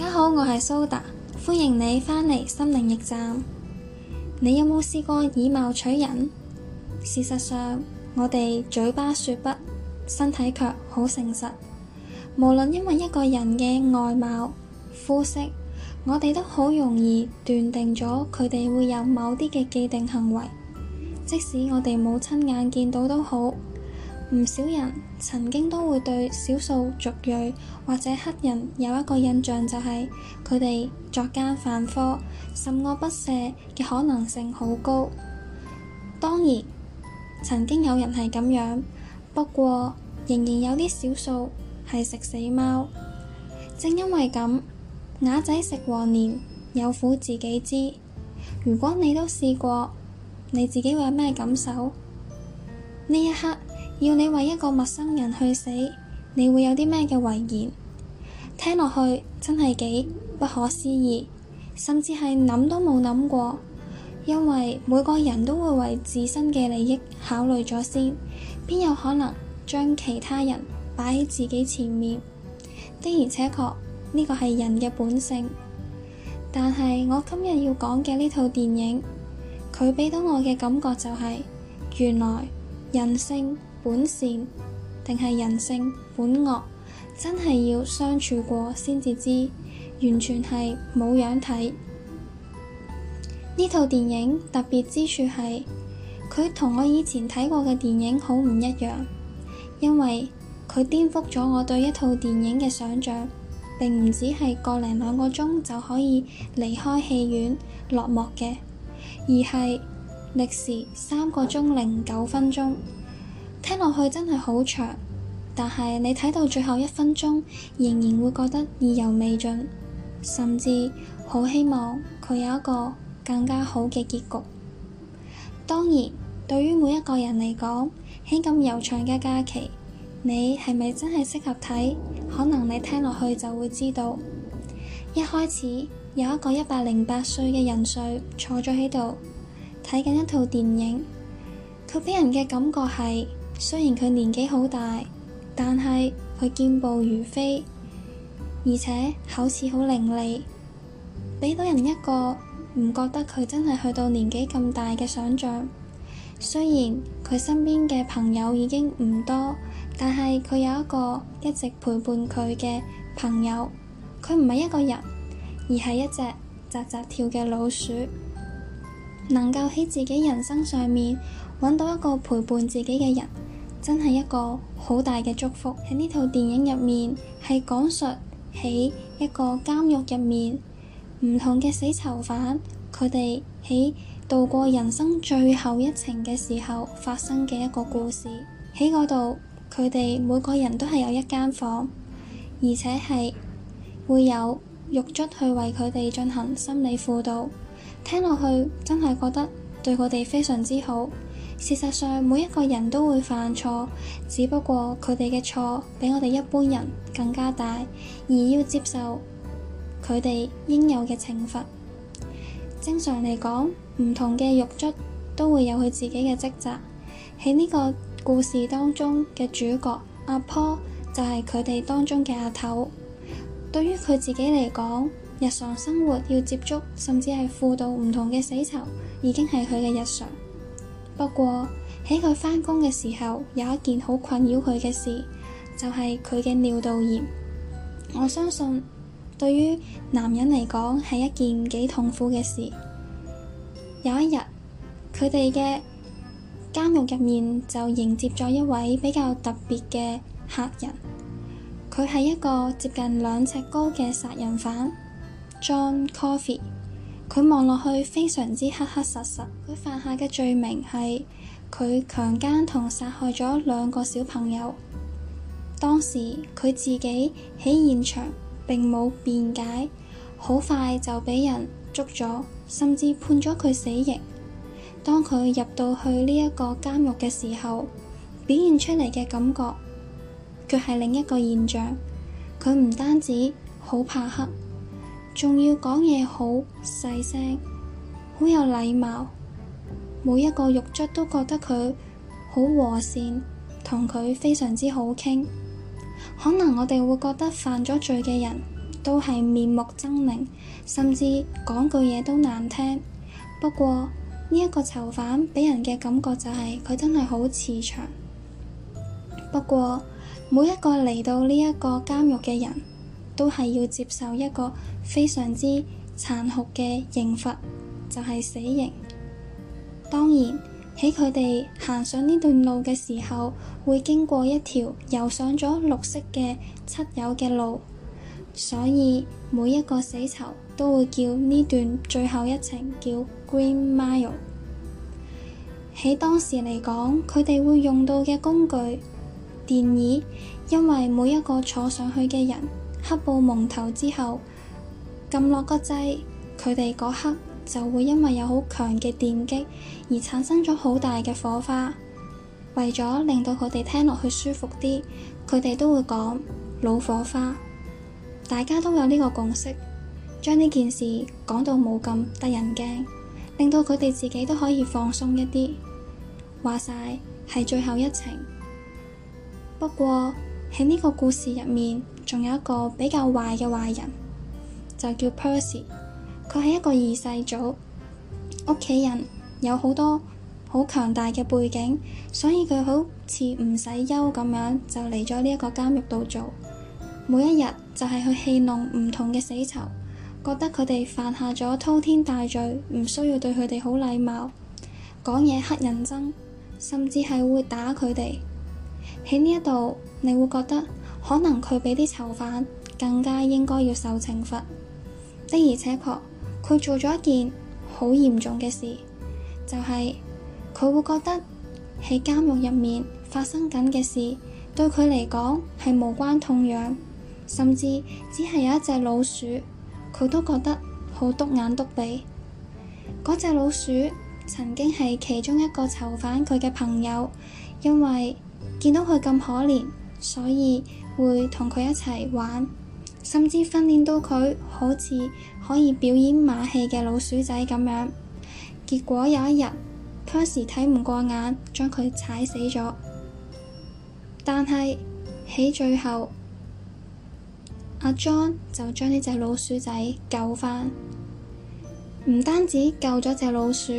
大家好，我係蘇達，歡迎你返嚟心靈驛站。你有冇試過以貌取人？事實上，我哋嘴巴說不，身體卻好誠實。無論因為一個人嘅外貌、膚色，我哋都好容易斷定咗佢哋會有某啲嘅既定行為，即使我哋冇親眼見到都好。唔少人曾經都會對少數族裔或者黑人有一個印象，就是，就係佢哋作奸犯科、十惡不赦嘅可能性好高。當然曾經有人係咁樣，不過仍然有啲少數係食死貓。正因為咁，啞仔食黃連有苦自己知。如果你都試過，你自己會有咩感受？呢一刻。要你為一個陌生人去死，你會有啲咩嘅遺言？聽落去真係幾不可思議，甚至係諗都冇諗過，因為每個人都會為自身嘅利益考慮咗先，邊有可能將其他人擺喺自己前面？的而且確呢個係人嘅本性，但係我今日要講嘅呢套電影，佢畀到我嘅感覺就係原來人性。本善定係人性本惡，真係要相處過先至知。完全係冇樣睇。呢套電影特別之處係，佢同我以前睇過嘅電影好唔一樣，因為佢顛覆咗我對一套電影嘅想象，並唔止係個零兩個鐘就可以離開戲院落幕嘅，而係歷時三個鐘零九分鐘。聽落去真係好長，但係你睇到最後一分鐘，仍然會覺得意猶未盡，甚至好希望佢有一個更加好嘅結局。當然，對於每一個人嚟講，喺咁悠長嘅假期，你係咪真係適合睇？可能你聽落去就會知道。一開始有一個一百零八歲嘅人瑞坐咗喺度睇緊一套電影，佢畀人嘅感覺係。雖然佢年紀好大，但係佢健步如飛，而且口齒好伶俐，畀到人一個唔覺得佢真係去到年紀咁大嘅想象雖然佢身邊嘅朋友已經唔多，但係佢有一個一直陪伴佢嘅朋友，佢唔係一個人，而係一隻扎扎跳嘅老鼠，能夠喺自己人生上面揾到一個陪伴自己嘅人。真係一個好大嘅祝福。喺呢套電影入面，係講述喺一個監獄入面唔同嘅死囚犯，佢哋喺度過人生最後一程嘅時候發生嘅一個故事。喺嗰度，佢哋每個人都係有一間房，而且係會有獄卒去為佢哋進行心理輔導。聽落去，真係覺得對佢哋非常之好。事實上，每一個人都會犯錯，只不過佢哋嘅錯比我哋一般人更加大，而要接受佢哋應有嘅懲罰。正常嚟講，唔同嘅獄卒都會有佢自己嘅職責。喺呢個故事當中嘅主角阿婆就係佢哋當中嘅阿頭。對於佢自己嚟講，日常生活要接觸甚至係輔導唔同嘅死囚，已經係佢嘅日常。不過喺佢返工嘅時候，有一件好困擾佢嘅事，就係佢嘅尿道炎。我相信對於男人嚟講係一件幾痛苦嘅事。有一日，佢哋嘅監獄入面就迎接咗一位比較特別嘅客人，佢係一個接近兩尺高嘅殺人犯，John Coffey。佢望落去非常之黑黑實實，佢犯下嘅罪名係佢強姦同殺害咗兩個小朋友。當時佢自己喺現場並冇辯解，好快就俾人捉咗，甚至判咗佢死刑。當佢入到去呢一個監獄嘅時候，表現出嚟嘅感覺，佢係另一個現象。佢唔單止好怕黑。仲要講嘢好細聲，好有禮貌。每一個獄卒都覺得佢好和善，同佢非常之好傾。可能我哋會覺得犯咗罪嘅人都係面目猙獰，甚至講句嘢都難聽。不過呢一個囚犯畀人嘅感覺就係佢真係好慈祥。不過每一個嚟到呢一個監獄嘅人都係要接受一個。非常之殘酷嘅刑罰，就係死刑。當然喺佢哋行上呢段路嘅時候，會經過一條油上咗綠色嘅漆友漆油嘅路，所以每一個死囚都會叫呢段最後一程叫 Green Mile。喺當時嚟講，佢哋會用到嘅工具電椅，因為每一個坐上去嘅人黑布蒙頭之後。撳落個掣，佢哋嗰刻就會因為有好強嘅電擊而產生咗好大嘅火花。為咗令到佢哋聽落去舒服啲，佢哋都會講老火花。大家都有呢個共識，將呢件事講到冇咁得人驚，令到佢哋自己都可以放鬆一啲。話晒係最後一程。不過喺呢個故事入面，仲有一個比較壞嘅壞人。就叫 Percy 佢係一個二世祖，屋企人有好多好強大嘅背景，所以佢好似唔使休咁樣就嚟咗呢一個監獄度做。每一日就係去戲弄唔同嘅死囚，覺得佢哋犯下咗滔天大罪，唔需要對佢哋好禮貌，講嘢乞人憎，甚至係會打佢哋。喺呢一度，你會覺得可能佢比啲囚犯更加應該要受懲罰。的而且確，佢做咗一件好嚴重嘅事，就係、是、佢會覺得喺監獄入面發生緊嘅事，對佢嚟講係無關痛癢，甚至只係有一隻老鼠，佢都覺得好篤眼篤鼻。嗰隻老鼠曾經係其中一個囚犯佢嘅朋友，因為見到佢咁可憐，所以會同佢一齊玩。甚至訓練到佢好似可以表演馬戲嘅老鼠仔咁樣，結果有一日，Percy 睇唔過眼，將佢踩死咗。但係喺最後，阿 John 就將呢隻老鼠仔救返，唔單止救咗隻老鼠，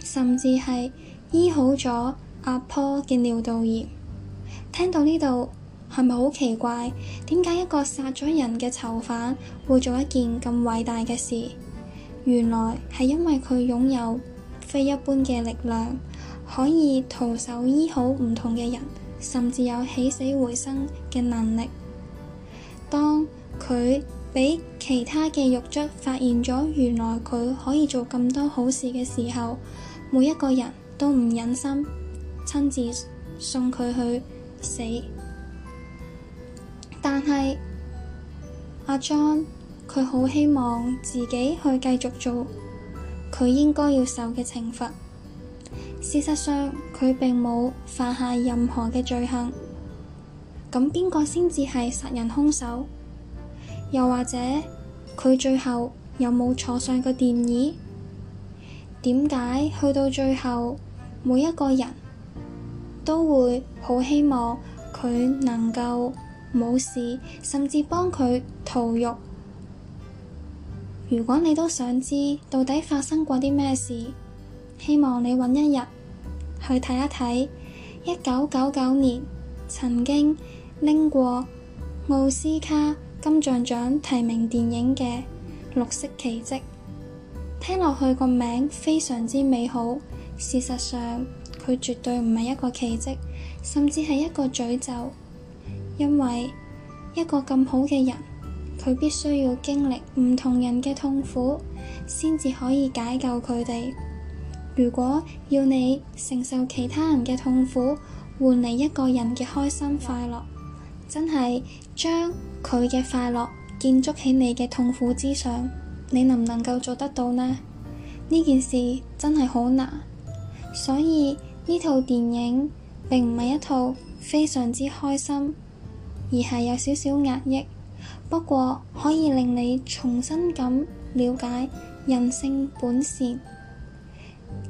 甚至係醫好咗阿 Paul 嘅尿道炎。聽到呢度。係咪好奇怪？點解一個殺咗人嘅囚犯會做一件咁偉大嘅事？原來係因為佢擁有非一般嘅力量，可以徒手醫好唔同嘅人，甚至有起死回生嘅能力。當佢畀其他嘅獄卒發現咗，原來佢可以做咁多好事嘅時候，每一個人都唔忍心親自送佢去死。但係阿 John，佢好希望自己去繼續做佢應該要受嘅懲罰。事實上，佢並冇犯下任何嘅罪行。咁邊個先至係殺人兇手？又或者佢最後有冇坐上個電椅？點解去到最後，每一個人都會好希望佢能夠？冇事，甚至幫佢逃獄。如果你都想知到底發生過啲咩事，希望你揾一日去睇一睇。一九九九年曾經拎過奧斯卡金像獎提名電影嘅《綠色奇蹟》，聽落去個名非常之美好。事實上，佢絕對唔係一個奇蹟，甚至係一個詛咒。因為一個咁好嘅人，佢必須要經歷唔同人嘅痛苦，先至可以解救佢哋。如果要你承受其他人嘅痛苦，換嚟一個人嘅開心快樂，真係將佢嘅快樂建築喺你嘅痛苦之上，你能唔能夠做得到呢？呢件事真係好難，所以呢套電影並唔係一套非常之開心。而係有少少壓抑，不過可以令你重新咁了解人性本善。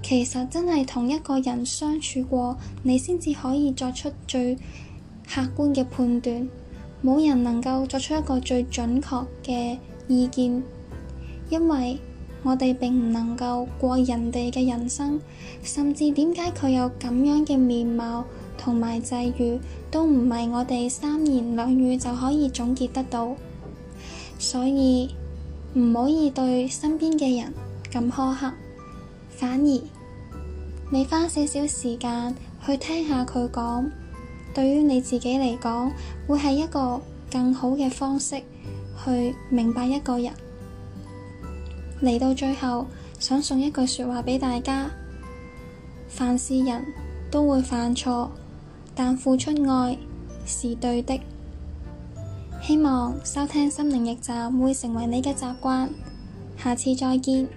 其實真係同一個人相處過，你先至可以作出最客觀嘅判斷。冇人能夠作出一個最準確嘅意見，因為我哋並唔能夠過人哋嘅人生，甚至點解佢有咁樣嘅面貌。同埋際遇都唔係我哋三言兩語就可以總結得到，所以唔可以對身邊嘅人咁苛刻，反而你花少少時間去聽下佢講，對於你自己嚟講會係一個更好嘅方式去明白一個人。嚟到最後，想送一句說話畀大家：凡是人都會犯錯。但付出愛是對的，希望收聽《心靈驛站》會成為你嘅習慣。下次再見。